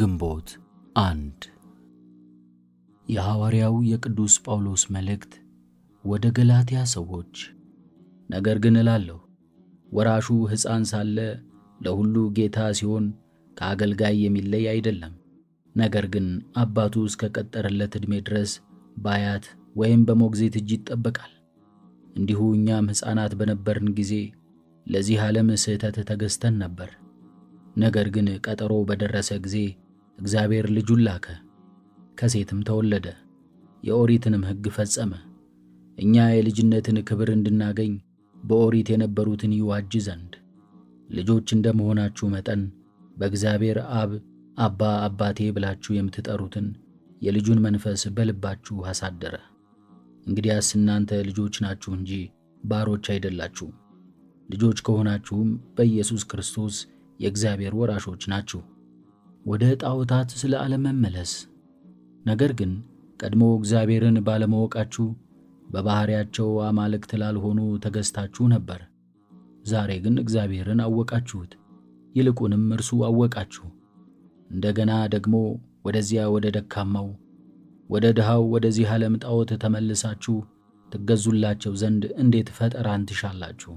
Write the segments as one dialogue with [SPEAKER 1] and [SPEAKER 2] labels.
[SPEAKER 1] ግንቦት አንድ የሐዋርያው የቅዱስ ጳውሎስ መልእክት ወደ ገላትያ ሰዎች። ነገር ግን እላለሁ ወራሹ ሕፃን ሳለ ለሁሉ ጌታ ሲሆን ከአገልጋይ የሚለይ አይደለም። ነገር ግን አባቱ እስከ ቀጠረለት ዕድሜ ድረስ በአያት ወይም በሞግዚት እጅ ይጠበቃል። እንዲሁ እኛም ሕፃናት በነበርን ጊዜ ለዚህ ዓለም ስህተት ተገዝተን ነበር። ነገር ግን ቀጠሮ በደረሰ ጊዜ እግዚአብሔር ልጁን ላከ፣ ከሴትም ተወለደ፣ የኦሪትንም ሕግ ፈጸመ። እኛ የልጅነትን ክብር እንድናገኝ በኦሪት የነበሩትን ይዋጅ ዘንድ ልጆች እንደመሆናችሁ መጠን በእግዚአብሔር አብ አባ አባቴ ብላችሁ የምትጠሩትን የልጁን መንፈስ በልባችሁ አሳደረ። እንግዲያስ እናንተ ልጆች ናችሁ እንጂ ባሮች አይደላችሁም። ልጆች ከሆናችሁም በኢየሱስ ክርስቶስ የእግዚአብሔር ወራሾች ናችሁ። ወደ ጣዖታት ስለ አለመመለስ። ነገር ግን ቀድሞ እግዚአብሔርን ባለማወቃችሁ በባሕርያቸው አማልክት ላልሆኑ ተገዝታችሁ ነበር። ዛሬ ግን እግዚአብሔርን አወቃችሁት፣ ይልቁንም እርሱ አወቃችሁ። እንደገና ደግሞ ወደዚያ ወደ ደካማው ወደ ድሃው ወደዚህ ዓለም ጣዖት ተመልሳችሁ ትገዙላቸው ዘንድ እንዴት ፈጠራን ትሻላችሁ?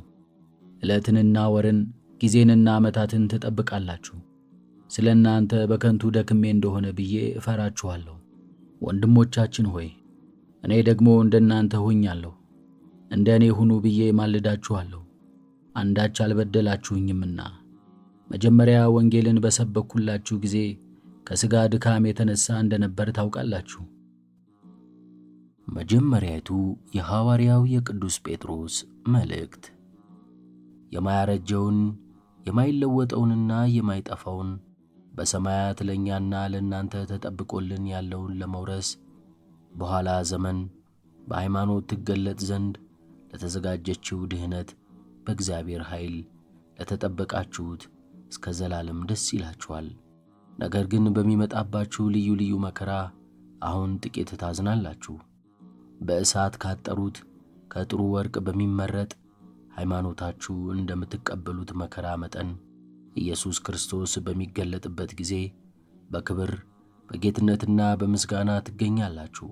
[SPEAKER 1] ዕለትንና ወርን ጊዜንና ዓመታትን ትጠብቃላችሁ። ስለ እናንተ በከንቱ ደክሜ እንደሆነ ብዬ እፈራችኋለሁ። ወንድሞቻችን ሆይ እኔ ደግሞ እንደ እናንተ ሆኛለሁ። እንደ እኔ ሁኑ ብዬ ማልዳችኋለሁ። አንዳች አልበደላችሁኝምና መጀመሪያ ወንጌልን በሰበኩላችሁ ጊዜ ከሥጋ ድካም የተነሣ እንደነበር ታውቃላችሁ። መጀመሪያይቱ የሐዋርያው የቅዱስ ጴጥሮስ መልእክት የማያረጀውን የማይለወጠውንና የማይጠፋውን በሰማያት ለእኛና ለእናንተ ተጠብቆልን ያለውን ለመውረስ በኋላ ዘመን በሃይማኖት ትገለጥ ዘንድ ለተዘጋጀችው ድህነት በእግዚአብሔር ኃይል ለተጠበቃችሁት እስከ ዘላለም ደስ ይላችኋል። ነገር ግን በሚመጣባችሁ ልዩ ልዩ መከራ አሁን ጥቂት ታዝናላችሁ። በእሳት ካጠሩት ከጥሩ ወርቅ በሚመረጥ ሃይማኖታችሁ እንደምትቀበሉት መከራ መጠን ኢየሱስ ክርስቶስ በሚገለጥበት ጊዜ በክብር በጌትነትና በምስጋና ትገኛላችሁ።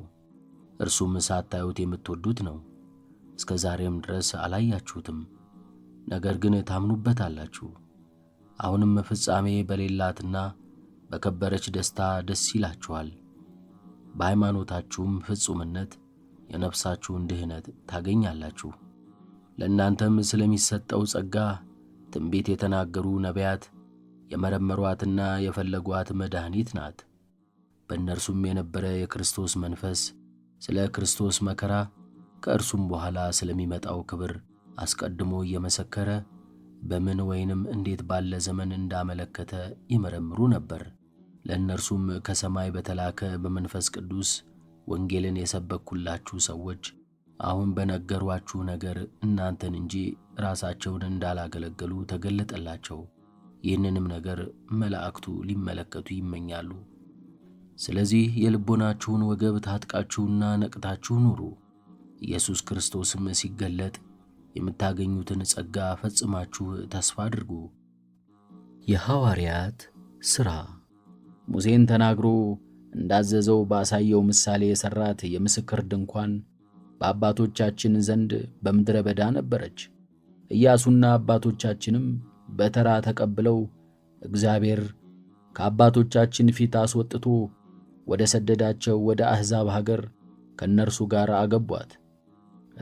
[SPEAKER 1] እርሱም ሳታዩት የምትወዱት ነው፣ እስከ ዛሬም ድረስ አላያችሁትም፣ ነገር ግን ታምኑበታላችሁ። አሁንም ፍጻሜ በሌላትና በከበረች ደስታ ደስ ይላችኋል። በሃይማኖታችሁም ፍጹምነት የነፍሳችሁን ድህነት ታገኛላችሁ። ለእናንተም ስለሚሰጠው ጸጋ ትንቢት የተናገሩ ነቢያት የመረመሯትና የፈለጓት መድኃኒት ናት። በእነርሱም የነበረ የክርስቶስ መንፈስ ስለ ክርስቶስ መከራ ከእርሱም በኋላ ስለሚመጣው ክብር አስቀድሞ እየመሰከረ በምን ወይንም እንዴት ባለ ዘመን እንዳመለከተ ይመረምሩ ነበር። ለእነርሱም ከሰማይ በተላከ በመንፈስ ቅዱስ ወንጌልን የሰበኩላችሁ ሰዎች አሁን በነገሯችሁ ነገር እናንተን እንጂ ራሳቸውን እንዳላገለገሉ ተገለጠላቸው። ይህንንም ነገር መላእክቱ ሊመለከቱ ይመኛሉ። ስለዚህ የልቦናችሁን ወገብ ታጥቃችሁና ነቅታችሁ ኑሩ። ኢየሱስ ክርስቶስም ሲገለጥ የምታገኙትን ጸጋ ፈጽማችሁ ተስፋ አድርጉ። የሐዋርያት ሥራ ሙሴን ተናግሮ እንዳዘዘው ባሳየው ምሳሌ የሠራት የምስክር ድንኳን በአባቶቻችን ዘንድ በምድረ በዳ ነበረች። ኢያሱና አባቶቻችንም በተራ ተቀብለው እግዚአብሔር ከአባቶቻችን ፊት አስወጥቶ ወደ ሰደዳቸው ወደ አሕዛብ ሀገር ከእነርሱ ጋር አገቧት።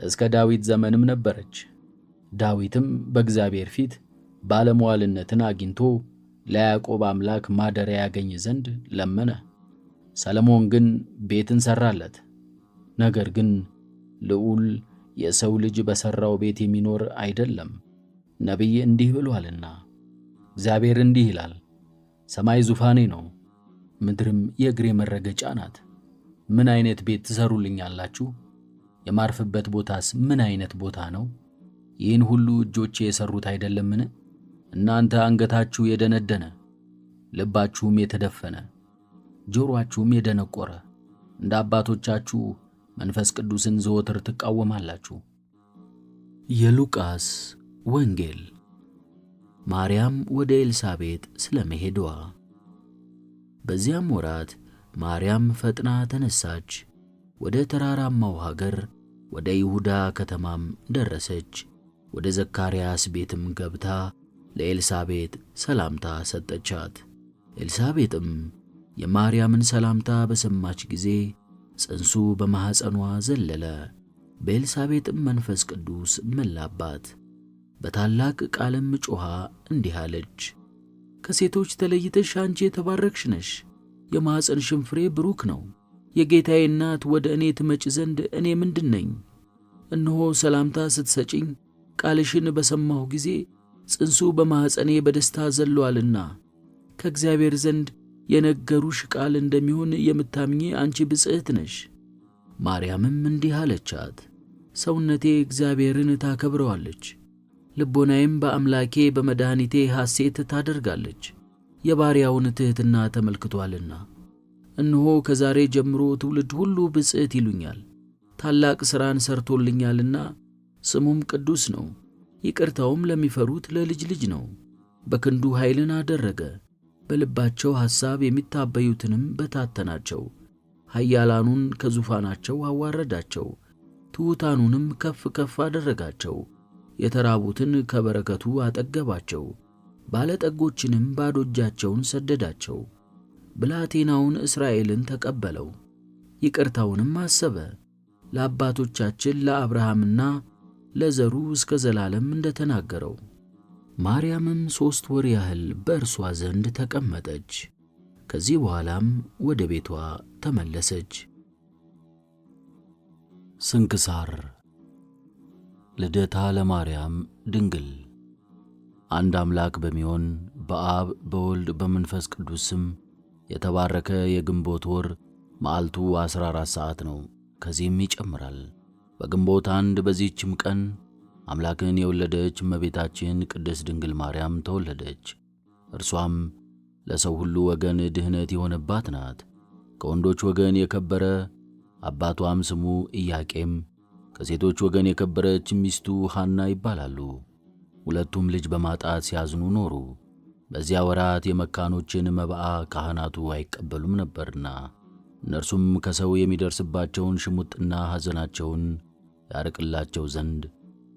[SPEAKER 1] እስከ ዳዊት ዘመንም ነበረች። ዳዊትም በእግዚአብሔር ፊት ባለመዋልነትን አግኝቶ ለያዕቆብ አምላክ ማደሪያ ያገኝ ዘንድ ለመነ። ሰለሞን ግን ቤትን ሠራለት። ነገር ግን ልዑል የሰው ልጅ በሠራው ቤት የሚኖር አይደለም። ነቢይ እንዲህ ብሏልና እግዚአብሔር እንዲህ ይላል፣ ሰማይ ዙፋኔ ነው፣ ምድርም የእግሬ መረገጫ ናት። ምን አይነት ቤት ትሠሩልኛላችሁ? የማርፍበት ቦታስ ምን አይነት ቦታ ነው? ይህን ሁሉ እጆቼ የሠሩት አይደለምን? እናንተ አንገታችሁ የደነደነ ልባችሁም የተደፈነ ጆሮአችሁም የደነቆረ እንደ አባቶቻችሁ መንፈስ ቅዱስን ዘወትር ትቃወማላችሁ። የሉቃስ ወንጌል ማርያም ወደ ኤልሳቤጥ ስለ መሄዷ። በዚያም ወራት ማርያም ፈጥና ተነሳች፣ ወደ ተራራማው ሀገር ወደ ይሁዳ ከተማም ደረሰች። ወደ ዘካርያስ ቤትም ገብታ ለኤልሳቤጥ ሰላምታ ሰጠቻት። ኤልሳቤጥም የማርያምን ሰላምታ በሰማች ጊዜ ጽንሱ በማኅፀኗ ዘለለ፣ በኤልሳቤጥም መንፈስ ቅዱስ መላባት። በታላቅ ቃልም ጮኻ እንዲህ አለች፣ ከሴቶች ተለይተሽ አንቺ የተባረክሽ ነሽ፣ የማኅፀንሽም ፍሬ ብሩክ ነው። የጌታዬ እናት ወደ እኔ ትመጭ ዘንድ እኔ ምንድን ነኝ? እነሆ ሰላምታ ስትሰጪኝ ቃልሽን በሰማሁ ጊዜ ጽንሱ በማኅፀኔ በደስታ ዘሏልና ከእግዚአብሔር ዘንድ የነገሩሽ ቃል እንደሚሆን የምታምኚ አንቺ ብጽዕት ነሽ። ማርያምም እንዲህ አለቻት፣ ሰውነቴ እግዚአብሔርን ታከብረዋለች፣ ልቦናዬም በአምላኬ በመድኃኒቴ ሐሴት ታደርጋለች፣ የባሪያውን ትሕትና ተመልክቶአልና። እነሆ ከዛሬ ጀምሮ ትውልድ ሁሉ ብጽዕት ይሉኛል፣ ታላቅ ሥራን ሠርቶልኛልና፣ ስሙም ቅዱስ ነው። ይቅርታውም ለሚፈሩት ለልጅ ልጅ ነው። በክንዱ ኃይልን አደረገ በልባቸው ሐሳብ የሚታበዩትንም በታተናቸው። ኃያላኑን ከዙፋናቸው አዋረዳቸው፣ ትሑታኑንም ከፍ ከፍ አደረጋቸው። የተራቡትን ከበረከቱ አጠገባቸው፣ ባለጠጎችንም ባዶ እጃቸውን ሰደዳቸው። ብላቴናውን እስራኤልን ተቀበለው፣ ይቅርታውንም አሰበ። ለአባቶቻችን ለአብርሃምና ለዘሩ እስከ ዘላለም እንደተናገረው ማርያምም ሦስት ወር ያህል በእርሷ ዘንድ ተቀመጠች። ከዚህ በኋላም ወደ ቤቷ ተመለሰች። ስንክሳር ልደታ ለማርያም ድንግል። አንድ አምላክ በሚሆን በአብ በወልድ በመንፈስ ቅዱስ ስም የተባረከ የግንቦት ወር መዓልቱ 14 ሰዓት ነው፣ ከዚህም ይጨምራል። በግንቦት አንድ በዚህችም ቀን አምላክን የወለደች እመቤታችን ቅድስት ድንግል ማርያም ተወለደች። እርሷም ለሰው ሁሉ ወገን ድህነት የሆነባት ናት። ከወንዶች ወገን የከበረ አባቷም ስሙ ኢያቄም፣ ከሴቶች ወገን የከበረች ሚስቱ ሐና ይባላሉ። ሁለቱም ልጅ በማጣት ሲያዝኑ ኖሩ። በዚያ ወራት የመካኖችን መብአ ካህናቱ አይቀበሉም ነበርና እነርሱም ከሰው የሚደርስባቸውን ሽሙጥና ሐዘናቸውን ያርቅላቸው ዘንድ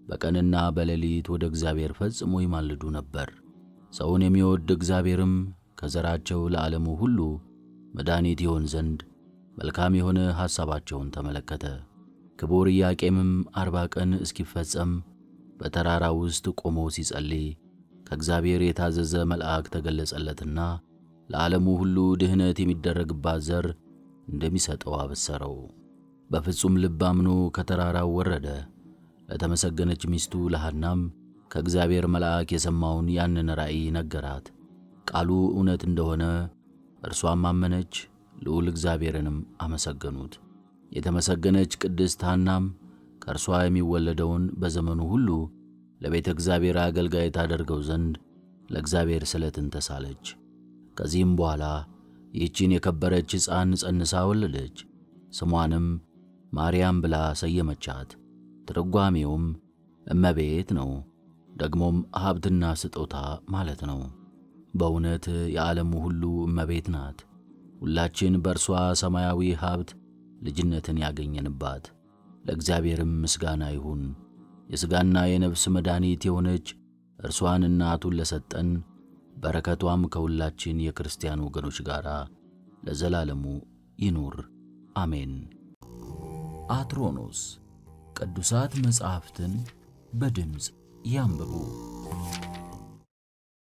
[SPEAKER 1] በቀንና በሌሊት ወደ እግዚአብሔር ፈጽሞ ይማልዱ ነበር። ሰውን የሚወድ እግዚአብሔርም ከዘራቸው ለዓለሙ ሁሉ መድኃኒት ይሆን ዘንድ መልካም የሆነ ሐሳባቸውን ተመለከተ። ክቡር ኢያቄምም አርባ ቀን እስኪፈጸም በተራራ ውስጥ ቆሞ ሲጸልይ ከእግዚአብሔር የታዘዘ መልአክ ተገለጸለትና ለዓለሙ ሁሉ ድኅነት የሚደረግባት ዘር እንደሚሰጠው አበሰረው። በፍጹም ልብ አምኖ ከተራራው ወረደ። ለተመሰገነች ሚስቱ ለሐናም ከእግዚአብሔር መልአክ የሰማውን ያንን ራእይ ነገራት። ቃሉ እውነት እንደሆነ እርሷም አመነች፣ ልዑል እግዚአብሔርንም አመሰገኑት። የተመሰገነች ቅድስት ሐናም ከእርሷ የሚወለደውን በዘመኑ ሁሉ ለቤተ እግዚአብሔር አገልጋይ ታደርገው ዘንድ ለእግዚአብሔር ስለትን ተሳለች። ከዚህም በኋላ ይህችን የከበረች ሕፃን ጸንሳ ወለደች። ስሟንም ማርያም ብላ ሰየመቻት። ትርጓሜውም እመቤት ነው። ደግሞም ሀብትና ስጦታ ማለት ነው። በእውነት የዓለሙ ሁሉ እመቤት ናት። ሁላችን በእርሷ ሰማያዊ ሀብት ልጅነትን ያገኘንባት፣ ለእግዚአብሔርም ምስጋና ይሁን። የሥጋና የነፍስ መድኃኒት የሆነች እርሷን እናቱን ለሰጠን፣ በረከቷም ከሁላችን የክርስቲያን ወገኖች ጋር ለዘላለሙ ይኑር አሜን። አትሮኖስ ቅዱሳት መጻሕፍትን በድምፅ ያንብቡ።